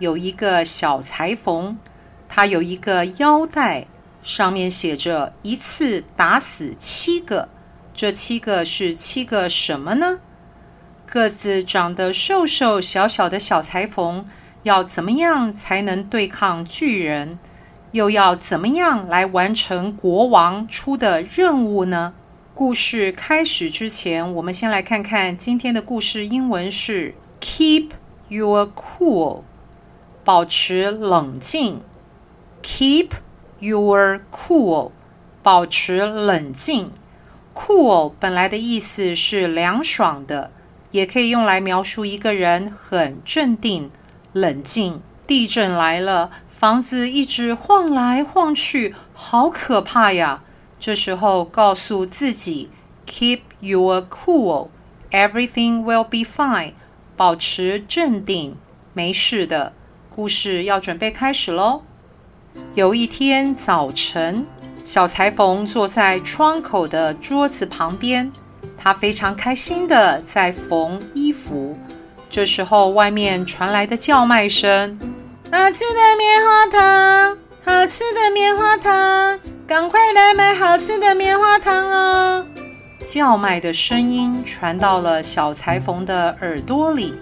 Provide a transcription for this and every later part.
有一個小裁縫，他有一個腰帶，上面寫着“一次打死七個”。這七個是七個什麼呢？個子長得瘦瘦小小的小裁縫要怎麼樣才能對抗巨人？又要怎麼樣來完成國王出的任務呢？故事開始之前，我們先來看看今天的故事。英文是 “Keep your cool”。保持冷靜，Keep your cool。保持冷靜，cool 本來的意思是涼爽的，也可以用來描述一個人很鎮定、冷靜。地震來了，房子一直晃來晃去，好可怕呀！這時候告訴自己，Keep your cool，everything will be fine。保持鎮定，沒事的。故事要準備開始嘍。有一天早晨，小裁縫坐在窗口的桌子旁邊，他非常開心地在縫衣服。這時候，外面傳來的叫賣聲：“好吃的棉花糖，好吃的棉花糖，趕快來買好吃的棉花糖哦！”叫賣的聲音傳到了小裁縫的耳朵裡。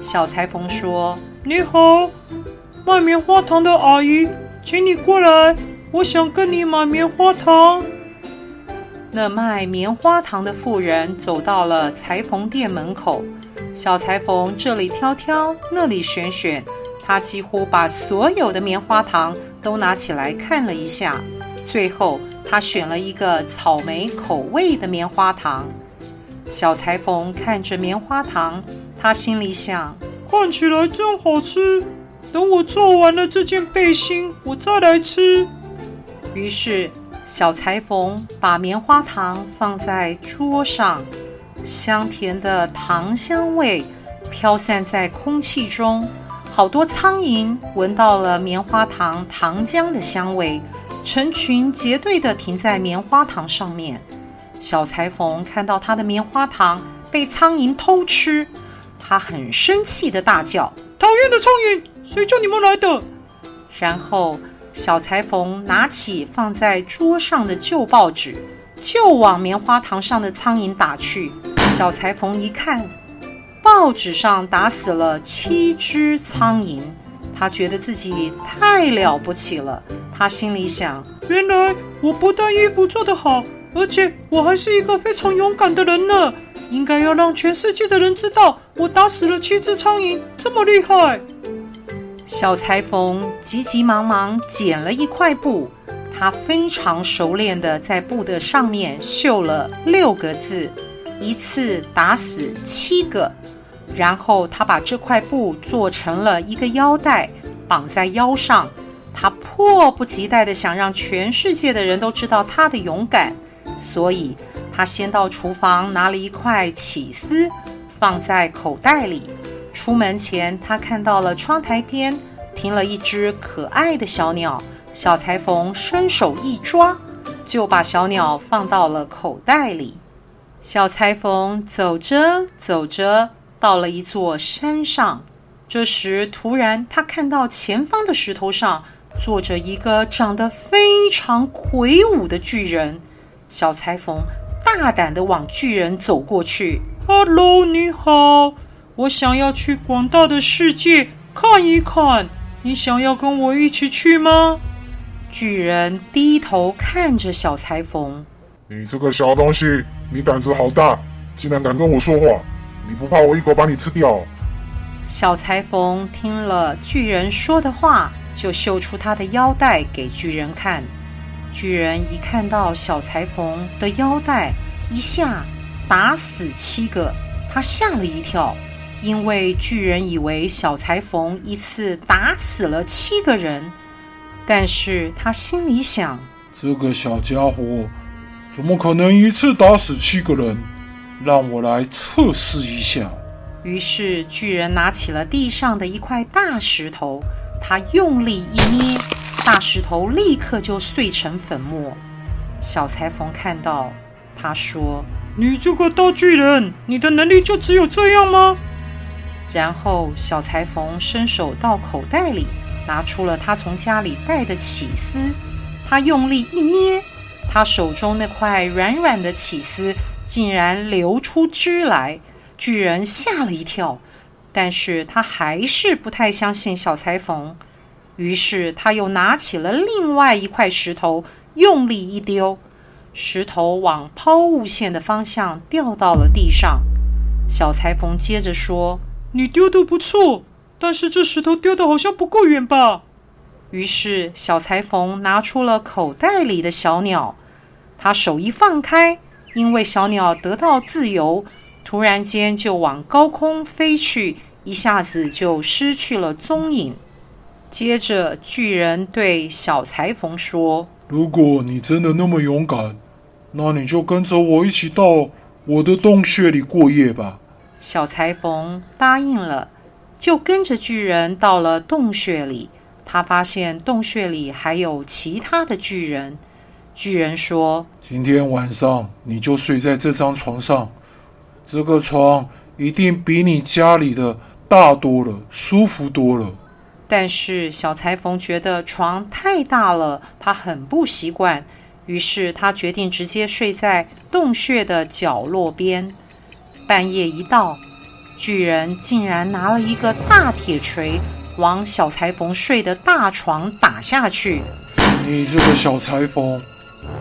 小裁縫說：“你好。”賣棉花糖的阿姨，請你過來，我想跟你買棉花糖。那賣棉花糖的婦人走到了裁縫店門口，小裁縫這裡挑挑，那裡選選，他幾乎把所有的棉花糖都拿起來看了一下，最後他選了一個草莓口味的棉花糖。小裁縫看着棉花糖，他心裡想：看起來真好吃。等我做完了這件背心，我再來吃。於是，小裁縫把棉花糖放在桌上，香甜的糖香味飄散在空氣中。好多蒼蠅聞到了棉花糖糖漿的香味，成群結隊地停在棉花糖上面。小裁縫看到他的棉花糖被蒼蠅偷吃，他很生氣地大叫：“討厭的蒼蠅！”誰叫你們來的？然後小裁縫拿起放在桌上的舊報紙，就往棉花糖上的蒼蠅打去。小裁縫一看，報紙上打死了七隻蒼蠅。他覺得自己也太了不起了。他心裡想：原來我不但衣服做得好，而且我還是一個非常勇敢的人呢。應該要讓全世界的人知道，我打死了七隻蒼蠅，這麼厲害。小裁縫急急忙忙剪了一塊布，他非常熟練地在布的上面繡了六個字：“一次打死七個。”然後他把這塊布做成了一個腰帶，綁在腰上。他迫不及待地想讓全世界的人都知道他的勇敢，所以他先到廚房拿了一塊起司，放在口袋裡。出門前，他看到了窗台邊停了一隻可愛的小鳥。小裁縫伸手一抓，就把小鳥放到了口袋裡。小裁縫走着走着，到了一座山上。這時，突然他看到前方的石頭上坐着一個長得非常魁梧的巨人。小裁縫大膽地往巨人走過去。“Hello，你好。”我想要去廣大的世界看一看，你想要跟我一起去嗎？巨人低頭看着小裁縫，你這個小東西，你膽子好大，竟然敢跟我說話，你不怕我一口把你吃掉？小裁縫聽了巨人說的話，就秀出他的腰帶給巨人看。巨人一看到小裁縫的腰帶，一下打死七個，他嚇了一跳。因為巨人以為小裁縫一次打死了七個人，但是他心裡想：“這個小家伙怎麼可能一次打死七個人？”讓我來測試一下。於是巨人拿起了地上的一塊大石頭，他用力一捏，大石頭立刻就碎成粉末。小裁縫看到，他說：“你這個大巨人，你的能力就只有這樣嗎？”然後，小裁縫伸手到口袋裡，拿出了他從家裡帶的起司，他用力一捏，他手中那塊軟軟的起司竟然流出汁來。巨人嚇了一跳，但是他還是不太相信小裁縫。於是，他又拿起了另外一塊石頭，用力一丟，石頭往拋物線的方向掉到了地上。小裁縫接着說。你丟得不錯，但是這石頭丟得好像不夠遠吧？於是小裁縫拿出了口袋裡的小鳥，他手一放開，因為小鳥得到自由，突然間就往高空飛去，一下子就失去了蹤影。接着巨人對小裁縫說：“如果你真的那麼勇敢，那你就跟着我一起到我的洞穴裡過夜吧。”小裁縫答應了，就跟着巨人到了洞穴裡。他發現洞穴裡還有其他的巨人。巨人說：“今天晚上你就睡在這張床上，這個床一定比你家裡的大多了，舒服多了。”但是小裁縫覺得床太大了，他很不習慣，於是他決定直接睡在洞穴的角落邊。半夜一到，巨人竟然拿了一個大鐵錘，往小裁縫睡的大床打下去。你這個小裁縫，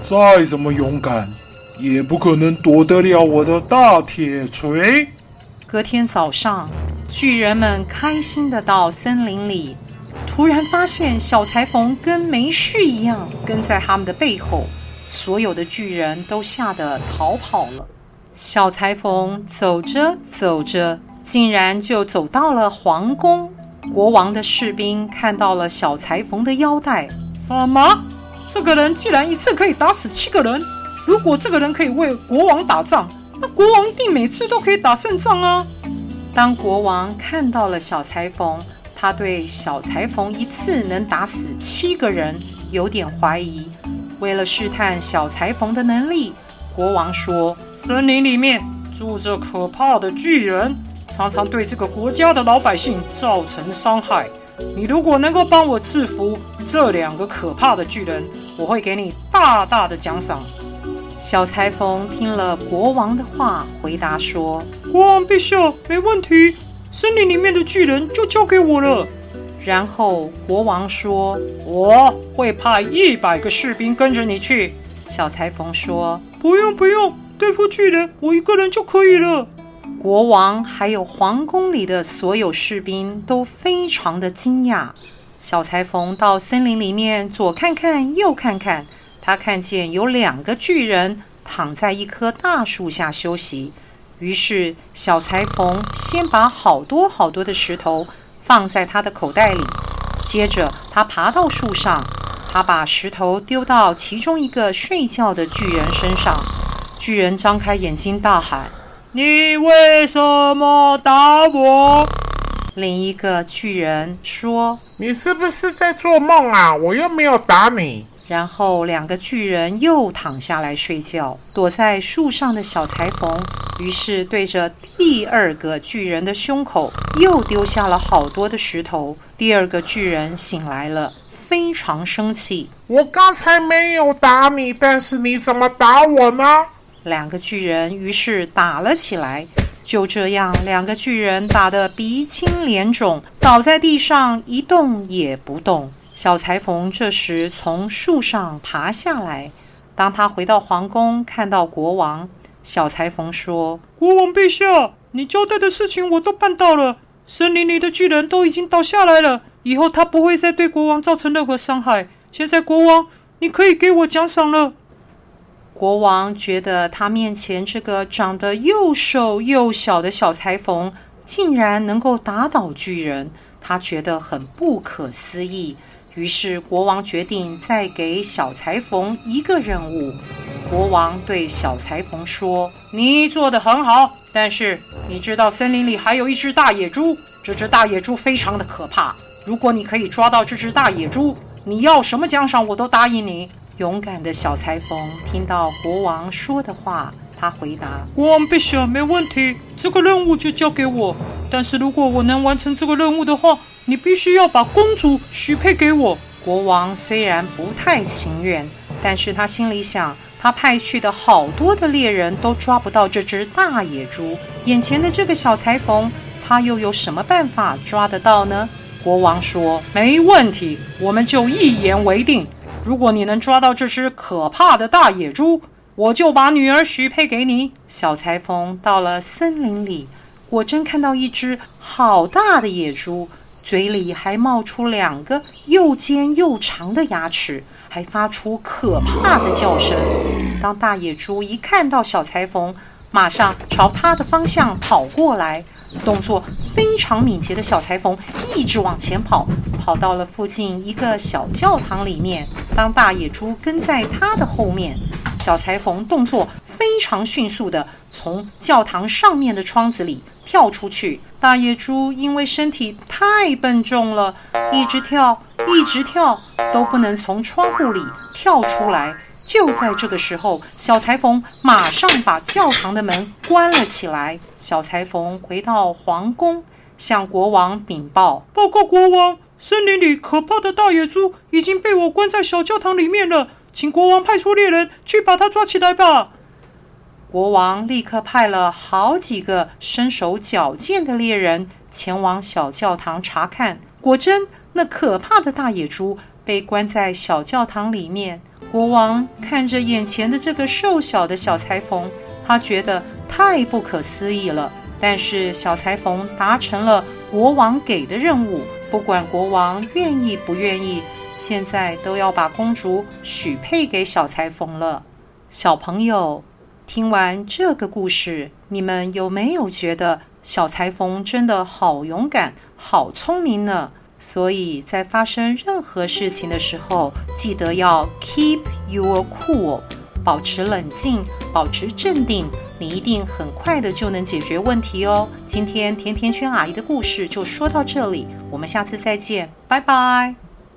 再怎麼勇敢，也不可能躲得了我的大鐵錘。隔天早上，巨人們開心的到森林裡，突然發現小裁縫跟沒事一樣跟在他們的背後，所有的巨人都嚇得逃跑了。小裁縫走着走着，竟然就走到了皇宮。國王的士兵看到了小裁縫的腰帶，什麼？這個人竟然一次可以打死七個人，如果這個人可以為國王打仗，那國王一定每次都可以打勝仗啊！當國王看到了小裁縫，他對小裁縫一次能打死七個人有點懷疑。為了試探小裁縫的能力。國王說：“森林裡面住着可怕的巨人，常常對這個國家的老百姓造成傷害。你如果能夠幫我制服這兩個可怕的巨人，我會給你大大的獎賞。”小裁縫聽了國王的話，回答說：“國王陛下，沒問題，森林裡面的巨人就交給我了。”然後國王說：“我會派一百個士兵跟着你去。”小裁縫說，嗯：“不用，不用對付巨人，我一個人就可以了。”國王還有皇宮裡的所有士兵都非常的驚訝。小裁縫到森林裡面左看看右看看，他看見有兩個巨人躺在一棵大樹下休息。於是，小裁縫先把好多好多的石頭放在他的口袋裡，接着他爬到樹上。他把石頭丟到其中一個睡覺的巨人身上，巨人張開眼睛大喊：“你為什麼打我？”另一個巨人說：“你是不是在做夢啊？我又沒有打你。”然後兩個巨人又躺下來睡覺。躲在樹上的小裁縫於是對着第二個巨人的胸口又丟下了好多的石頭。第二個巨人醒來了。非常生氣，我剛才沒有打你，但是你怎麼打我呢？兩個巨人於是打了起來。就這樣，兩個巨人打得鼻青臉腫，倒在地上一動也不動。小裁縫這時從樹上爬下來。當他回到皇宮，看到國王，小裁縫說：“國王陛下，你交代的事情我都辦到了。”森林裡的巨人都已經倒下來了，以後他不會再對國王造成任何傷害。現在，國王，你可以給我獎賞了。國王覺得他面前這個長得又瘦又小的小裁縫，竟然能夠打倒巨人，他覺得很不可思議。於是，國王決定再給小裁縫一個任務。國王對小裁縫說：“你做得很好，但是你知道森林裡還有一隻大野豬，這隻大野豬非常的可怕。如果你可以抓到這隻大野豬，你要什麼獎賞我都答應你。”勇敢的小裁縫聽到國王說的話，他回答：“國王陛下，沒問題，這個任務就交給我。但是如果我能完成這個任務的話，你必須要把公主許配給我。”國王雖然不太情願，但是他心裡想。他派去的好多的獵人都抓不到這隻大野豬，眼前的這個小裁縫，他又有什麼辦法抓得到呢？國王說：“沒問題，我們就一言為定。如果你能抓到這隻可怕的大野豬，我就把女兒許配給你。”小裁縫到了森林裡，果真看到一隻好大的野豬，嘴裡還冒出兩個又尖又長的牙齒。還發出可怕的叫聲。當大野豬一看到小裁縫，馬上朝他的方向跑過來，動作非常敏捷的小裁縫一直往前跑，跑到了附近一個小教堂裡面。當大野豬跟在他的後面，小裁縫動作非常迅速地從教堂上面的窗子裡。跳出去！大野豬因為身體太笨重了，一直跳，一直跳，都不能從窗戶裡跳出來。就在這個時候，小裁縫馬上把教堂的門關了起來。小裁縫回到皇宮，向國王稟報：“報告國王，森林裡可怕的大野豬已經被我關在小教堂裡面了，請國王派出獵人去把它抓起來吧。”國王立刻派了好幾個身手矯健的獵人前往小教堂查看，果真那可怕的大野豬被關在小教堂裡面。國王看着眼前的這個瘦小的小裁縫，他覺得太不可思議了。但是小裁縫達成了國王給的任務，不管國王願意不願意，現在都要把公主許配給小裁縫了。小朋友。聽完這個故事，你們有沒有覺得小裁縫真的好勇敢、好聰明呢？所以在發生任何事情的時候，記得要 keep your cool，保持冷靜，保持鎮定，你一定很快的就能解決問題哦。今天甜甜圈阿姨的故事就說到這裡，我們下次再見，拜拜。